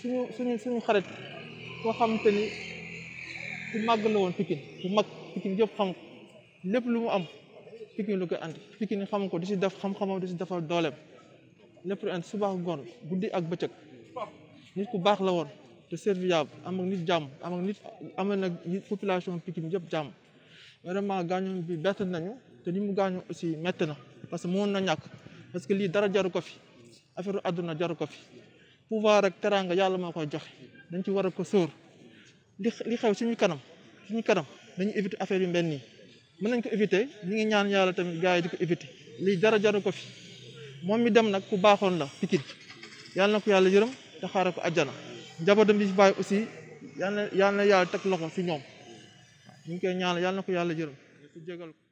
suñu suñu suñu xarit koo xamante ni màgg la woon Pikine bu mag Pikine yëpp xam ko lépp lu mu am Pikine lu koy andi Pikine xam ko di si def xam-xamam di si defal dooleem lépp lu andi subaax ngoon guddi ak bëccëg nit ku baax la woon te serviable am ak nit jàmm am ak nit am nag population Pikine yëpp jàmm vraiment gaañu bi bett nañu te ni mu gaañu aussi métti na parce que mënoon na ñàkk parce que lii dara jaru ko fi affaire àdduna jaru ko fi. pouvoir ak teraanga yàlla moo koy joxe dañ ci war ko sóor li li xew suñu kanam suñu kanam dañu éviter affaire yu mel nii mën nañ ko éviter ñu ngi ñaan yàlla tamit gaa yi di ko éviter li dara jaru ko fi moom mi dem nag ku baaxoon la Pikine yàlla na ko yàlla yërëm te xaaral ko àjjana njabootam bi ci bàyyi aussi yàlla na yàlla na yàlla loxo si ñoom ñu ngi koy ñaan yàlla ko yàlla yërëm